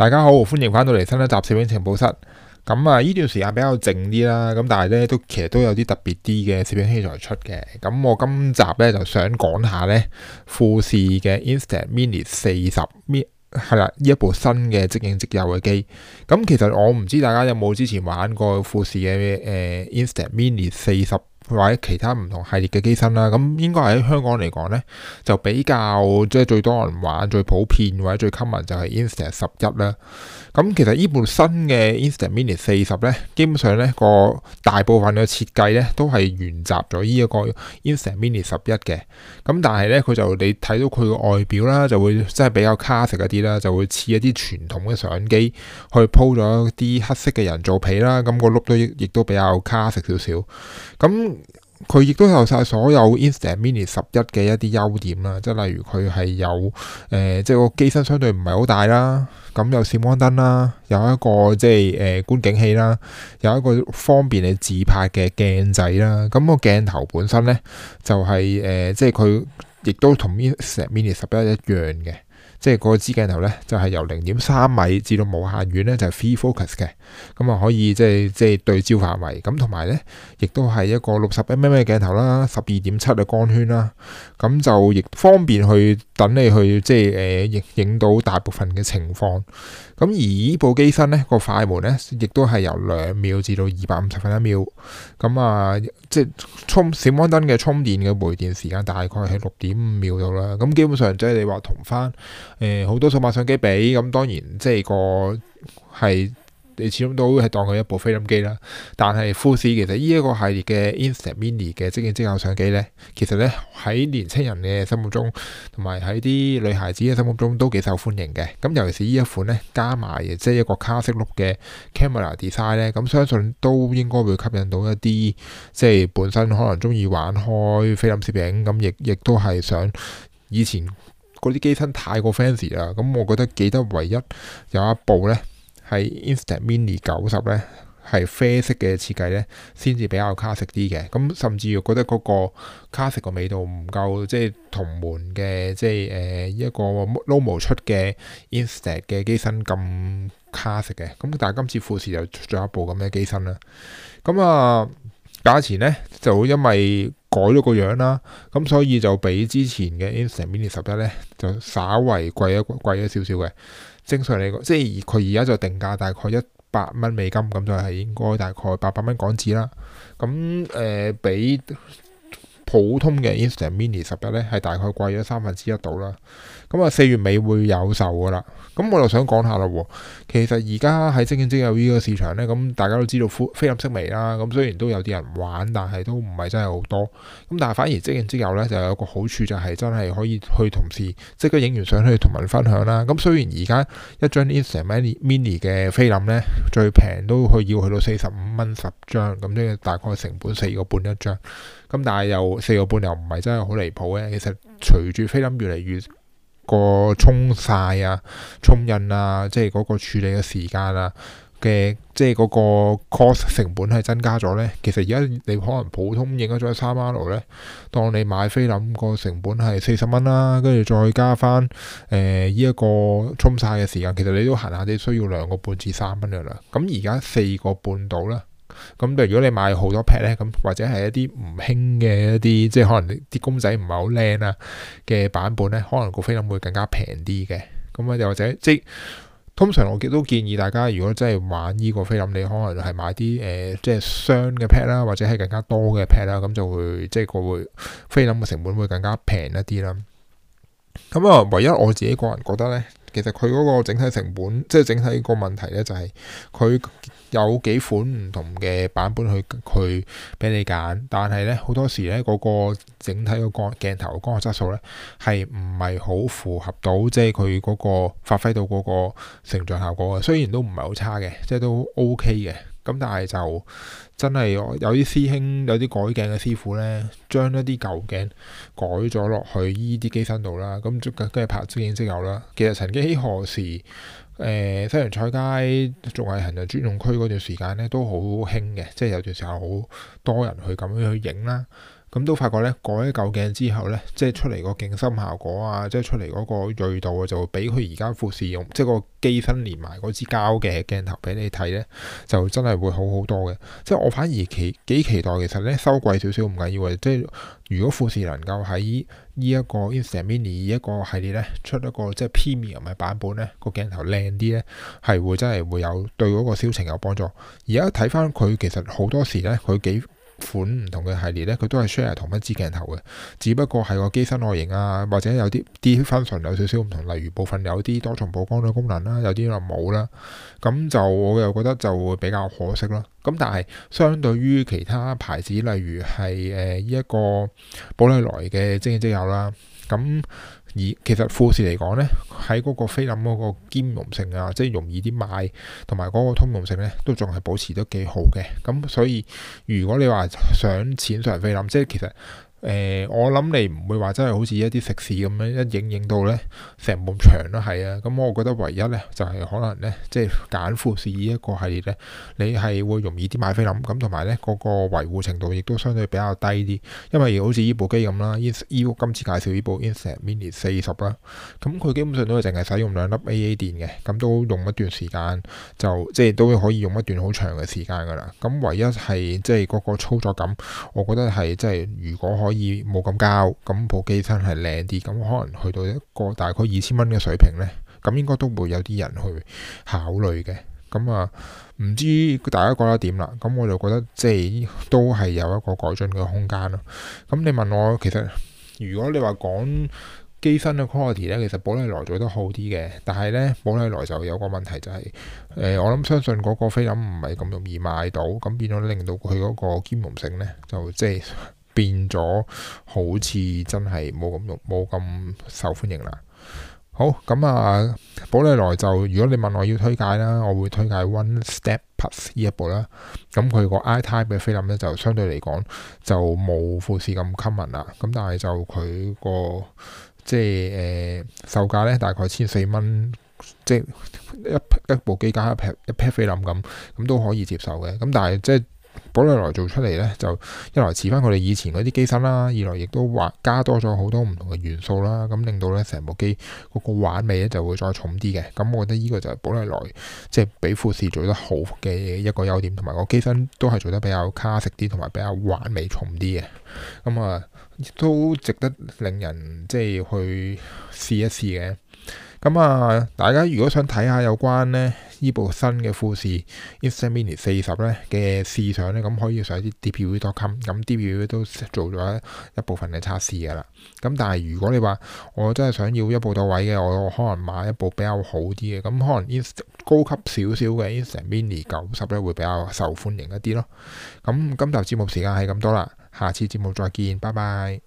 大家好，歡迎翻到嚟新一集攝影情報室。咁啊，呢段時間比較靜啲啦，咁但係咧都其實都有啲特別啲嘅攝影器材出嘅。咁我今集咧就想講下咧富士嘅 Instax Mini 四十咪係啦，呢一部新嘅即影即有嘅機。咁其實我唔知大家有冇之前玩過富士嘅誒、呃、Instax Mini 四十。或者其他唔同系列嘅機身啦，咁應該喺香港嚟講咧，就比較即係最多人玩、最普遍或者最 common 就係、是、Insta 十一啦。咁其實呢部新嘅 Insta Mini 四十咧，基本上咧個大部分嘅設計咧都係沿襲咗呢一個 Insta Mini 十一嘅。咁但係咧佢就你睇到佢嘅外表啦，就會即係比較 classic 一啲啦，就會似一啲傳統嘅相機去鋪咗啲黑色嘅人造皮啦。咁、那個碌都亦都比較 classic 少少。咁佢亦都有晒所有 Instax Mini 十一嘅一啲優點啦、呃，即係例如佢係有誒即係個機身相對唔係好大啦，咁有閃光燈啦，有一個即係誒、呃、觀景器啦，有一個方便你自拍嘅鏡仔啦，咁、那個鏡頭本身咧就係、是、誒、呃、即係佢亦都同 Instax Mini 十一一樣嘅。即係嗰支鏡頭呢，就係由零點三米至到無限遠呢，就係 free focus 嘅，咁啊可以即係即係對焦範圍，咁同埋呢，亦都係一個六十 mm 鏡頭啦，十二點七嘅光圈啦，咁就亦方便去等你去即係影影到大部分嘅情況。咁而呢部機身呢個快門呢，亦都係由兩秒至到二百五十分一秒。咁、嗯、啊，即係充閃光燈嘅充電嘅回電時間大概係六點五秒度啦。咁、嗯、基本上即係你話同返誒好多數碼相機比，咁、嗯、當然即係個係。你始終都會係當佢一部菲林機啦。但係富士其實呢一個系列嘅 Instax Mini 嘅即影即有相機呢，其實呢喺年青人嘅心目中，同埋喺啲女孩子嘅心目中都幾受歡迎嘅。咁尤其是呢一款呢，加埋即係一個卡式碌嘅 camera design 呢，咁相信都應該會吸引到一啲即係本身可能中意玩開菲林攝影，咁亦亦都係想以前嗰啲機身太過 fancy 啦。咁我覺得記得唯一有一部呢。係 Insta Mini 九十咧，係啡色嘅設計咧，先至比較卡色啲嘅。咁甚至又覺得嗰個卡色個味道唔夠，即係同門嘅，即係誒、呃、一個 Lomo 出嘅 Insta 嘅機身咁卡色嘅。咁但係今次富士又出咗一部咁嘅機身啦。咁啊價錢咧就因為改咗個樣啦，咁所以就比之前嘅 Insta Mini 十一咧就稍為貴，貴咗貴咗少少嘅。正常嚟講，即係佢而家就定價大概一百蚊美金，咁就係應該大概八百蚊港紙啦。咁誒、呃，畀。普通嘅 Instax Mini 十一咧，係大概貴咗三分之一度啦。咁、嗯、啊，四月尾會有售噶啦。咁、嗯、我就想講下啦。其實而家喺即影即有呢個市場咧，咁、嗯、大家都知道菲林式微啦。咁、嗯、雖然都有啲人玩，但係都唔係真係好多。咁、嗯、但係反而即影即有咧，就有個好處就係真係可以去同時即刻影完相去同人分享啦。咁、嗯、雖然而家一張 Instax Mini Mini 嘅菲林咧，最平都去要去到四十五蚊十張，咁、嗯、即係大概成本四個半一張。咁、嗯、但係又四個半又唔係真係好離譜嘅，其實隨住菲林越嚟越個沖晒啊、沖印啊，即係嗰個處理嘅時間啊嘅，即係嗰個 cost 成本係增加咗呢。其實而家你可能普通影咗三張相咧，當你買菲林個成本係四十蚊啦，跟住再加翻誒呢一個沖晒嘅時間，其實你都行下啲需要兩個半至三蚊嘅啦。咁而家四個半到啦。咁，但如果你買好多 pad 咧，咁或者係一啲唔興嘅一啲，即係可能啲公仔唔係好靚啊嘅版本咧，可能個菲林會更加平啲嘅。咁啊，又或者即通常我亦都建議大家，如果真係玩呢個菲林，你可能係買啲誒、呃，即係雙嘅 pad 啦，或者係更加多嘅 pad 啦，咁就會即係個會菲林嘅成本會更加平一啲啦。咁啊，唯一我自己個人覺得咧。其實佢嗰個整體成本，即係整體個問題咧、就係，就係佢有幾款唔同嘅版本去佢俾你揀，但係咧，好多時咧嗰、嗰個整體個光鏡頭光學嘅質素咧係唔係好符合到，即係佢嗰個發揮到嗰個成像效果啊。雖然都唔係好差嘅，即係都 OK 嘅。咁但係就真係有啲師兄有啲改鏡嘅師傅呢，將一啲舊鏡改咗落去依啲機身度啦，咁跟跟住拍即影即有啦。其實曾幾何時、呃、西洋菜街仲係行人專用區嗰段時間呢，都好興嘅，即係有段時候好多人去咁樣去影啦。咁都發覺咧，改咗嚿鏡之後咧，即係出嚟個景深效果啊，即係出嚟嗰個鋭度啊，就會比佢而家富士用即係個機身連埋嗰支膠嘅鏡頭俾你睇咧，就真係會好好多嘅。即係我反而期幾期待，其實咧收貴少少唔緊要嘅。即係如果富士能夠喺呢一個 Instax Mini 一個系列咧出一個即係 Premium 嘅、um、版本咧，這個鏡頭靚啲咧，係會真係會有對嗰個銷情有幫助。而家睇翻佢其實好多時咧，佢幾款唔同嘅系列咧，佢都係 share 同一支鏡頭嘅，只不過係個機身外形啊，或者有啲啲 function 有少少唔同，例如部分有啲多重曝光嘅功能啦、啊，有啲又冇啦，咁就我又覺得就會比較可惜咯。咁、嗯、但係相對於其他牌子，例如係誒呢一個寶麗來嘅精英即有啦，咁、嗯。而其實富士嚟講咧，喺嗰個菲林嗰個兼容性啊，即係容易啲買，同埋嗰個通用性咧，都仲係保持得幾好嘅。咁所以如果你話想淺上，錢上菲林，即係其實。誒、呃，我諗你唔會話真係好似一啲食肆咁樣一影影到咧成埲牆都係啊。咁、嗯、我覺得唯一咧就係、是、可能咧，即係揀富士依一個系列咧，你係會容易啲買菲林咁，同埋咧嗰個維護程度亦都相對比較低啲。因為好似依部機咁啦，依今次介紹呢部 Instax Mini 四十啦，咁佢基本上都係淨係使用兩粒 A A 電嘅，咁、嗯、都用一段時間就即係都可以用一段好長嘅時間㗎啦。咁、嗯、唯一係即係嗰個操作感，我覺得係即係如果可。可以冇咁交，咁部機身係靚啲，咁可能去到一個大概二千蚊嘅水平呢，咁應該都會有啲人去考慮嘅。咁啊，唔知大家覺得點啦？咁我就覺得即係、就是、都係有一個改進嘅空間咯。咁你問我，其實如果你話講機身嘅 quality 呢，其實寶麗來做得好啲嘅，但係呢，寶麗來就有個問題就係、是，誒、呃、我諗相信嗰個菲林唔係咁容易買到，咁變咗令到佢嗰個兼容性呢，就即係。就是變咗好似真係冇咁用，冇咁受歡迎啦。好咁、嗯、啊，寶麗來就如果你問我要推介啦，我會推介 One Step Plus 呢一部啦。咁、嗯、佢個 I-Type 嘅菲林咧就相對嚟講就冇富士咁 common 啦。咁、嗯、但係就佢個即係誒、呃、售價咧大概千四蚊，即係一一部機加一 pair 一 pair 菲林咁，咁、嗯、都可以接受嘅。咁、嗯、但係即係。寶麗來做出嚟咧，就一來似返佢哋以前嗰啲機身啦，二來亦都話加多咗好多唔同嘅元素啦，咁令到咧成部機嗰個玩味咧就會再重啲嘅。咁、嗯、我覺得呢個就係寶麗來即係、就是、比富士做得好嘅一個優點，同埋個機身都係做得比較卡式啲，同埋比較玩味重啲嘅。咁、嗯、啊，亦、呃、都值得令人即係去試一試嘅。咁啊，大家如果想睇下有關呢，呢部新嘅富士 Instax Mini 四十咧嘅試相，咧，咁可以上啲 DPU dot com，咁 DPU 都做咗一部分嘅測試嘅啦。咁但係如果你話我真係想要一步到位嘅，我可能買一部比較好啲嘅，咁可能 Insta 高級少少嘅 Instax Mini 九十咧會比較受歡迎一啲咯。咁今集節目時間係咁多啦，下次節目再見，拜拜。